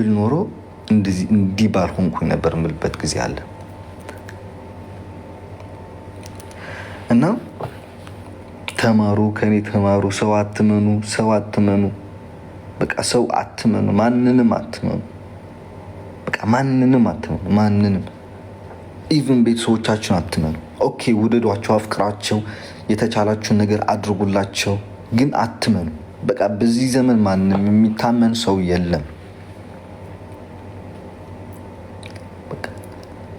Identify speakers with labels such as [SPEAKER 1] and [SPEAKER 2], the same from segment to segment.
[SPEAKER 1] ብል ኖሮ እንዲህ ባልሆንኩኝ ነበር የምልበት ጊዜ አለ እና ተማሩ፣ ከኔ ተማሩ። ሰው አትመኑ፣ ሰው አትመኑ። በቃ ሰው አትመኑ፣ ማንንም አትመኑ። በቃ ማንንም አትመኑ፣ ማንንም ኢቭን ቤተሰቦቻችሁን አትመኑ። ኦኬ ውደዷቸው፣ አፍቅራቸው፣ የተቻላችሁን ነገር አድርጉላቸው፣ ግን አትመኑ። በቃ በዚህ ዘመን ማንም የሚታመን ሰው የለም።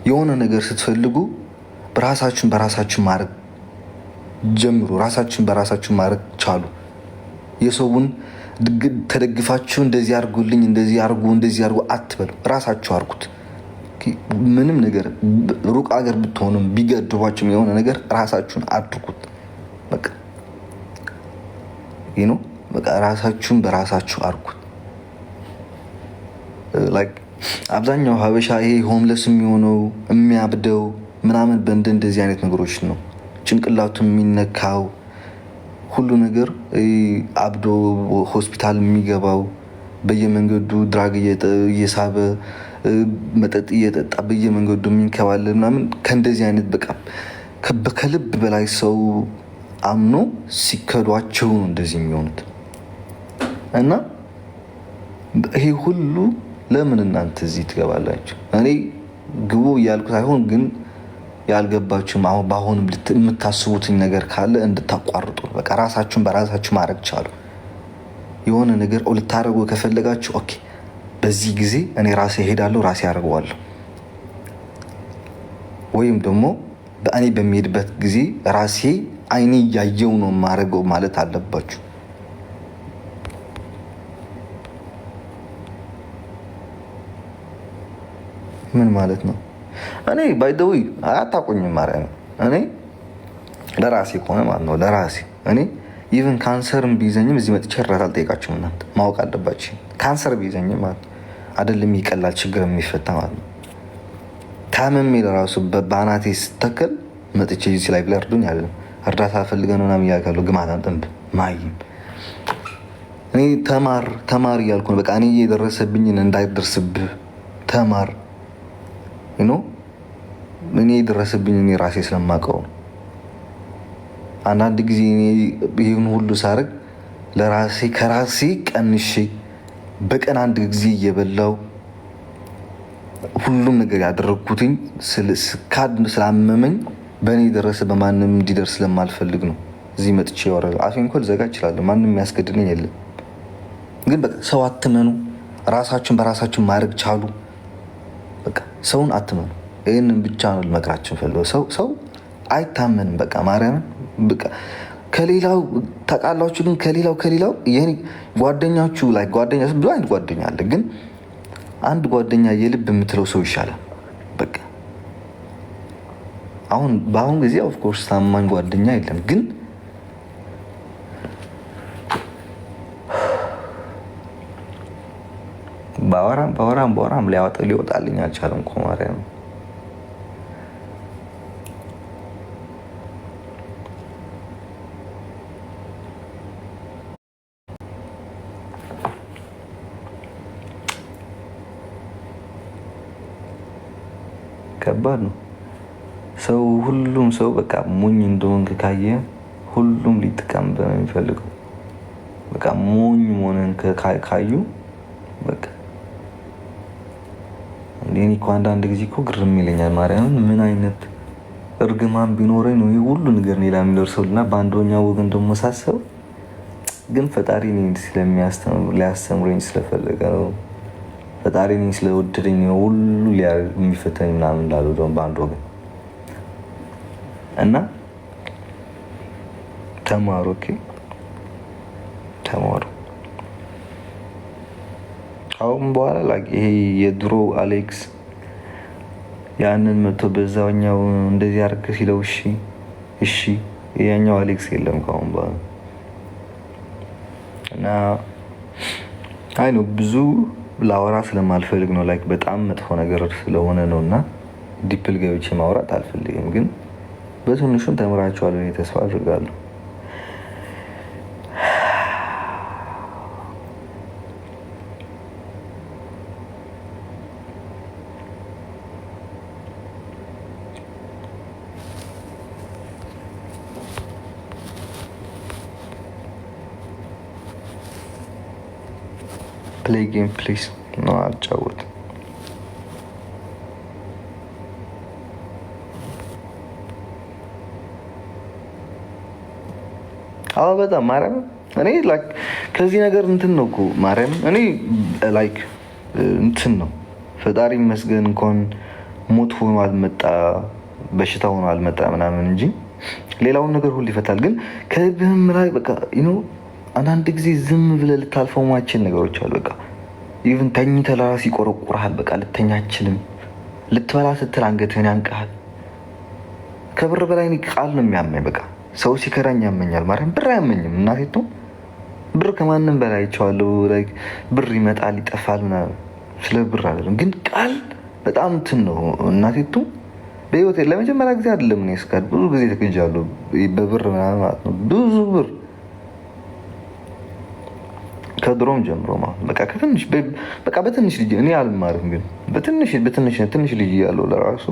[SPEAKER 1] የሆነ ነገር ስትፈልጉ በራሳችን በራሳችን ማድረግ ጀምሩ። ራሳችን በራሳችን ማድረግ ቻሉ። የሰውን ተደግፋችሁ እንደዚህ አድርጉልኝ፣ እንደዚህ አድርጉ፣ እንደዚህ አርጉ እንደዚህ አርጉ አትበሉ ራሳችሁ አርጉት ምንም ነገር ሩቅ ሀገር ብትሆኑም ቢገድቧችሁም የሆነ ነገር ራሳችሁን አድርጉት። በቃ ነው። በቃ ራሳችሁን በራሳችሁ አድርጉት። አብዛኛው ሀበሻ ይሄ ሆምለስ የሚሆነው የሚያብደው ምናምን በእንደ እንደዚህ አይነት ነገሮች ነው። ጭንቅላቱ የሚነካው ሁሉ ነገር አብዶ ሆስፒታል የሚገባው በየመንገዱ ድራግ እየሳበ መጠጥ እየጠጣ በየመንገዱ የሚንከባለ ምናምን ከእንደዚህ አይነት በቃ ከልብ በላይ ሰው አምኖ ሲከዷቸው ነው እንደዚህ የሚሆኑት እና ይሄ ሁሉ ለምን እናንተ እዚህ ትገባላችሁ? እኔ ግቡ እያልኩ ሳይሆን ግን ያልገባችሁም አሁን በአሁን የምታስቡትኝ ነገር ካለ እንድታቋርጡ በቃ ራሳችሁን በራሳችሁ ማድረግ ቻሉ። የሆነ ነገር ልታደረጉ ከፈለጋችሁ ኦኬ፣ በዚህ ጊዜ እኔ ራሴ እሄዳለሁ፣ ራሴ አደርገዋለሁ ወይም ደግሞ በእኔ በሚሄድበት ጊዜ ራሴ አይኔ እያየው ነው ማድረገው ማለት አለባችሁ። ምን ማለት ነው? እኔ ባይደዊ አያታቆኝም ማርያም እኔ ለራሴ ከሆነ ማለት ነው ለራሴ እኔ ኢቨን ካንሰርም ቢይዘኝም እዚህ መጥቼ እርዳታ አልጠይቃችሁም። እናንተ ማወቅ አለባችሁ። ካንሰር ቢይዘኝም ማለት ነው አይደለም ይቀላል ችግር የሚፈታ ማለት ነው። ታምሜ ለራሱ በአናቴ ስተከል መጥቼ ዚ ላይ ብለርዱን ያለ እርዳታ ፈልገ ነው ሆና እያልካለሁ ግማታ ጥንብ ማይም እኔ ተማር ተማር እያልኩ ነው። በቃ እኔ እየደረሰብኝን እንዳይደርስብህ ተማር ኖ እኔ የደረሰብኝ እኔ ራሴ ስለማውቀው አንዳንድ ጊዜ ይህን ሁሉ ሳርግ ለራሴ ከራሴ ቀንሼ በቀን አንድ ጊዜ እየበላው ሁሉም ነገር ያደረግኩትኝ ካድ ስላመመኝ በእኔ የደረሰ በማንም እንዲደርስ ስለማልፈልግ ነው። እዚህ መጥቼ ወረ አፌን እኮ ልዘጋ እችላለሁ። ማንም የሚያስገድደኝ የለም። ግን በቃ ሰው አትመኑ። ራሳችሁን በራሳችን ማድረግ ቻሉ። ሰውን አትመኑ። ይህንን ብቻ ነው ልመክራችሁ ፈልገው ሰው ሰው አይታመንም። በቃ ማርያምን በቃ ከሌላው ታውቃላችሁ። ግን ከሌላው ከሌላው ጓደኛችሁ ላይ ጓደኛ ብዙ አይነት ጓደኛ አለ። ግን አንድ ጓደኛ የልብ የምትለው ሰው ይሻላል። በቃ አሁን በአሁን ጊዜ ኦፍኮርስ ታማኝ ጓደኛ የለም ግን ባወራም ባወራም ባወራም ሊያወጣ ሊወጣልኝ አልቻለም እኮ ማርያም ከባድ ነው። ሰው ሁሉም ሰው በቃ ሞኝ እንደሆንክ ካየ ሁሉም ሊጠቀምበት ነው የሚፈልገው። በቃ ሞኝ መሆንን ካዩ በቃ እኔ እኮ አንዳንድ ጊዜ እኮ ግርም ይለኛል። ማርያምን ምን አይነት እርግማን ቢኖረኝ ነው ይህ ሁሉ ነገር ሌላ የሚደርሰው እና በአንደኛው ወገን ደግሞ ሳሰብ ግን ፈጣሪ ሊያስተምረኝ ስለፈለገ ነው። ፈጣሪ ስለወደደኝ ነው ሁሉ የሚፈተኝ ምናምን ላሉ ደግሞ በአንድ ወገን እና ተማሩ ኦኬ ተማሩ። አሁን በኋላ ይሄ የድሮ አሌክስ ያንን መጥቶ በዛኛው እንደዚህ አርግ ሲለው እሺ እሺ ያኛው አሌክስ የለም ከአሁን በ እና አይ ነው ብዙ ላወራ ስለማልፈልግ ነው። ላይክ በጣም መጥፎ ነገር ስለሆነ ነው እና ዲፕል ገብቼ ማውራት አልፈልግም። ግን በትንሹም ተምራችኋል ተስፋ አድርጋለሁ። ፕሌይ ጌም ፕሊስ ነው አጫወት አዎ በጣም ማርያም እኔ ላይክ ከዚህ ነገር እንትን ነው እኮ ማርያም እኔ ላይክ እንትን ነው ፈጣሪ ይመስገን እንኳን ሞት ሆኖ አልመጣ በሽታ ሆኖ አልመጣ ምናምን እንጂ ሌላውን ነገር ሁሉ ይፈታል። ግን ከልብህም ላይ በቃ አንዳንድ ጊዜ ዝም ብለህ ልታልፈው ነገሮች አሉ። በቃ ኢቭን ተኝተህ ለራስህ ይቆረቁርሃል። በቃ ልተኛችልም ልትበላ ስትል አንገትህን ያንቀሃል። ከብር በላይ ቃል ነው የሚያመኝ። በቃ ሰው ሲከራኝ ያመኛል። ማርያም ብር አያመኝም። እናቴቱ ብር ከማንም በላይ ይቸዋለሁ። ብር ይመጣል ይጠፋል። ስለ ብር አለም ግን ቃል በጣም እንትን ነው። እናቴቱ በህይወት ለመጀመሪያ ጊዜ አይደለም እኔ ብዙ ጊዜ ተገጃለሁ በብር ምናምን ማለት ነው ብዙ ብር ከድሮም ጀምሮ በቃ ከትንሽ በቃ በትንሽ ልጅ እኔ አልማርም፣ ግን በትንሽ በትንሽ ትንሽ ልጅ ያለው ለራሱ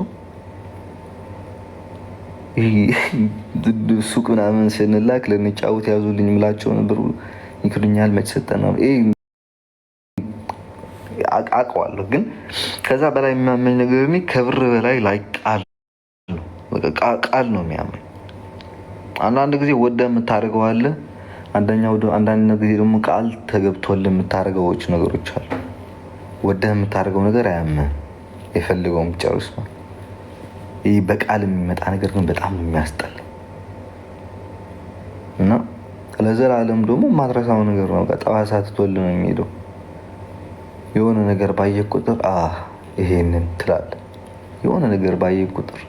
[SPEAKER 1] ሱቅ ምናምን ስንላክ ለንጫወት ያዙልኝ ምላቸው ነበር። ይክዱኛል መች ሰጠና አውቀዋለሁ፣ ግን ከዛ በላይ የሚያመኝ ነገር እኔ ከብር በላይ ላይ ቃል ቃል ነው የሚያመኝ። አንዳንድ ጊዜ ወደ የምታደርገው አለ አንዳኛው አንዳንድ ጊዜ ደግሞ ቃል ተገብቶል የምታደርገዎች ነገሮች አሉ። ወደህ የምታደርገው ነገር አያመ የፈልገውም ጨርስ ነው። ይህ በቃል የሚመጣ ነገር ግን በጣም የሚያስጠል እና ለዘላለም ደግሞ ማትረሳው ነገር ነው። ጠባሳ ትቶልህ ነው የሚሄደው። የሆነ ነገር ባየ ቁጥር ይሄንን ትላለህ። የሆነ ነገር ባየ ቁጥር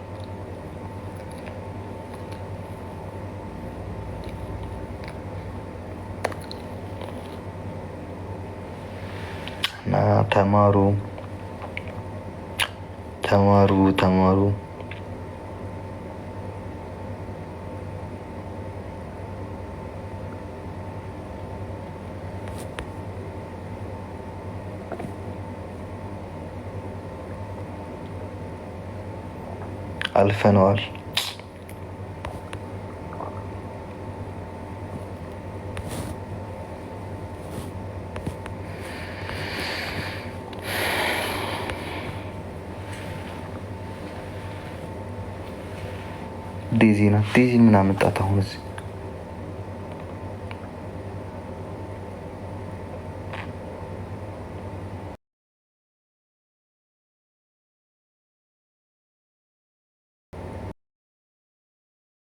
[SPEAKER 1] ተማሩ ተማሩ ተማሩ አልፈነዋል። ዴዚ ናት። ዴዚ ምን አመጣት አሁን እዚህ?